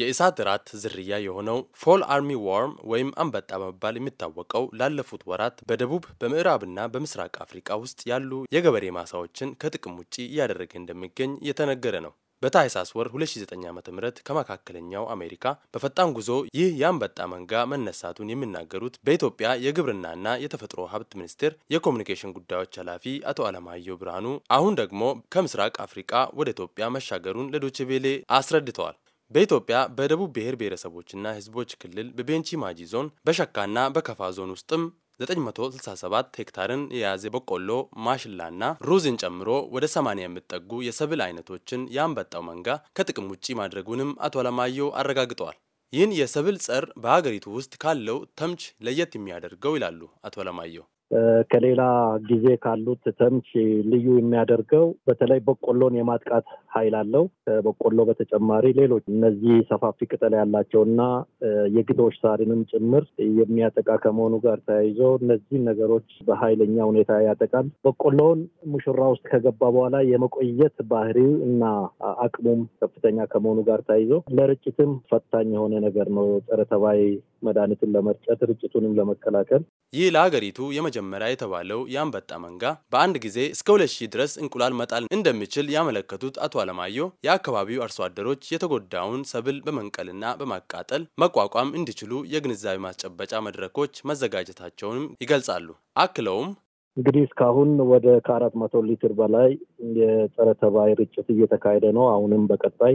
የእሳት ራት ዝርያ የሆነው ፎል አርሚ ዋርም ወይም አንበጣ በመባል የሚታወቀው ላለፉት ወራት በደቡብ በምዕራብና በምስራቅ አፍሪካ ውስጥ ያሉ የገበሬ ማሳዎችን ከጥቅም ውጪ እያደረገ እንደሚገኝ እየተነገረ ነው። በታህሳስ ወር 2009 ዓ.ም ከመካከለኛው አሜሪካ በፈጣን ጉዞ ይህ የአንበጣ መንጋ መነሳቱን የሚናገሩት በኢትዮጵያ የግብርናና የተፈጥሮ ሀብት ሚኒስቴር የኮሚኒኬሽን ጉዳዮች ኃላፊ አቶ አለማየሁ ብርሃኑ አሁን ደግሞ ከምስራቅ አፍሪቃ ወደ ኢትዮጵያ መሻገሩን ለዶችቬሌ አስረድተዋል። በኢትዮጵያ በደቡብ ብሔር ብሔረሰቦችና ህዝቦች ክልል በቤንቺ ማጂ ዞን በሸካና በከፋ ዞን ውስጥም 967 ሄክታርን የያዘ በቆሎ፣ ማሽላና ሩዝን ጨምሮ ወደ 80 የሚጠጉ የሰብል አይነቶችን የአንበጣው መንጋ ከጥቅም ውጪ ማድረጉንም አቶ አለማየሁ አረጋግጠዋል። ይህን የሰብል ጸር በሀገሪቱ ውስጥ ካለው ተምች ለየት የሚያደርገው ይላሉ አቶ አለማየሁ። ከሌላ ጊዜ ካሉት ተምች ልዩ የሚያደርገው በተለይ በቆሎን የማጥቃት ኃይል አለው። በቆሎ በተጨማሪ ሌሎች እነዚህ ሰፋፊ ቅጠል ያላቸው እና የግዶሽ ሳሪንም ጭምር የሚያጠቃ ከመሆኑ ጋር ተያይዞ እነዚህ ነገሮች በኃይለኛ ሁኔታ ያጠቃል። በቆሎውን ሙሽራ ውስጥ ከገባ በኋላ የመቆየት ባህሪ እና አቅሙም ከፍተኛ ከመሆኑ ጋር ተያይዞ ለርጭትም ፈታኝ የሆነ ነገር ነው። ጸረ ተባይ መድኃኒትን ለመርጨት፣ ርጭቱንም ለመከላከል ይህ ለሀገሪቱ የመጀመ መጀመሪያ የተባለው የአንበጣ መንጋ በአንድ ጊዜ እስከ 2000 ድረስ እንቁላል መጣል እንደሚችል ያመለከቱት አቶ አለማየሁ የአካባቢው አርሶ አደሮች የተጎዳውን ሰብል በመንቀልና በማቃጠል መቋቋም እንዲችሉ የግንዛቤ ማስጨበጫ መድረኮች መዘጋጀታቸውንም ይገልጻሉ። አክለውም እንግዲህ እስካሁን ወደ ከአራት መቶ ሊትር በላይ የጸረ ተባይ ርጭት እየተካሄደ ነው። አሁንም በቀጣይ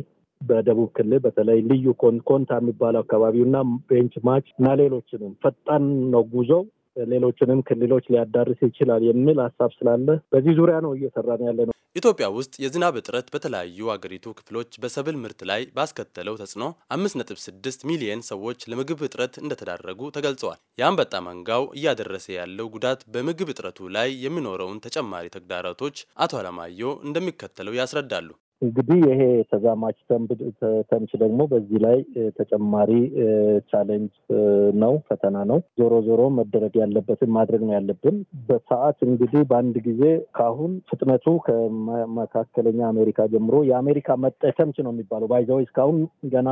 በደቡብ ክልል በተለይ ልዩ ኮንታ የሚባለው አካባቢውና ቤንች ማች እና ሌሎችንም ፈጣን ነው ጉዞ ሌሎችንም ክልሎች ሊያዳርስ ይችላል የሚል ሀሳብ ስላለ በዚህ ዙሪያ ነው እየሰራን ያለ ነው። ኢትዮጵያ ውስጥ የዝናብ እጥረት በተለያዩ አገሪቱ ክፍሎች በሰብል ምርት ላይ ባስከተለው ተጽዕኖ 5.6 ሚሊየን ሰዎች ለምግብ እጥረት እንደተዳረጉ ተገልጸዋል። የአንበጣ መንጋው እያደረሰ ያለው ጉዳት በምግብ እጥረቱ ላይ የሚኖረውን ተጨማሪ ተግዳሮቶች አቶ አለማየሁ እንደሚከተለው ያስረዳሉ። እንግዲህ ይሄ ተዛማች ተምች ደግሞ በዚህ ላይ ተጨማሪ ቻሌንጅ ነው፣ ፈተና ነው። ዞሮ ዞሮ መደረግ ያለበትን ማድረግ ነው ያለብን። በሰዓት እንግዲህ በአንድ ጊዜ ካሁን ፍጥነቱ ከመካከለኛ አሜሪካ ጀምሮ የአሜሪካ መጠ ተምች ነው የሚባለው ባይዛዊ እስካሁን ገና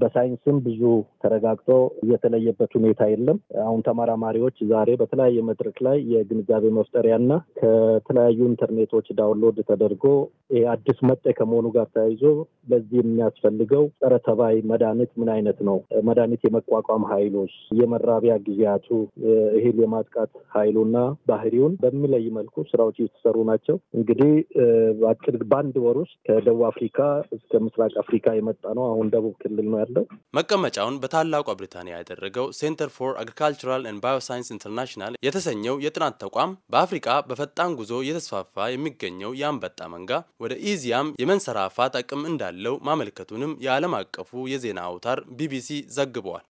በሳይንስም ብዙ ተረጋግጦ የተለየበት ሁኔታ የለም። አሁን ተመራማሪዎች ዛሬ በተለያየ መድረክ ላይ የግንዛቤ መፍጠሪያና ከተለያዩ ኢንተርኔቶች ዳውንሎድ ተደርጎ አዲስ የተሰጠ ከመሆኑ ጋር ተያይዞ ለዚህ የሚያስፈልገው ጸረ ተባይ መድኃኒት ምን አይነት ነው? መድኃኒት የመቋቋም ኃይሎች፣ የመራቢያ ጊዜያቱ፣ እህል የማጥቃት ኃይሉና ባህሪውን በሚለይ መልኩ ስራዎች እየተሰሩ ናቸው። እንግዲህ በአንድ ወር ውስጥ ከደቡብ አፍሪካ እስከ ምስራቅ አፍሪካ የመጣ ነው። አሁን ደቡብ ክልል ነው ያለው። መቀመጫውን በታላቋ ብሪታንያ ያደረገው ሴንተር ፎር አግሪካልቸራል ኤንድ ባዮሳይንስ ኢንተርናሽናል የተሰኘው የጥናት ተቋም በአፍሪካ በፈጣን ጉዞ እየተስፋፋ የሚገኘው የአንበጣ መንጋ ወደ ኢዚያም ሰላም የመንሰራፋት አቅም እንዳለው ማመልከቱንም የዓለም አቀፉ የዜና አውታር ቢቢሲ ዘግቧል።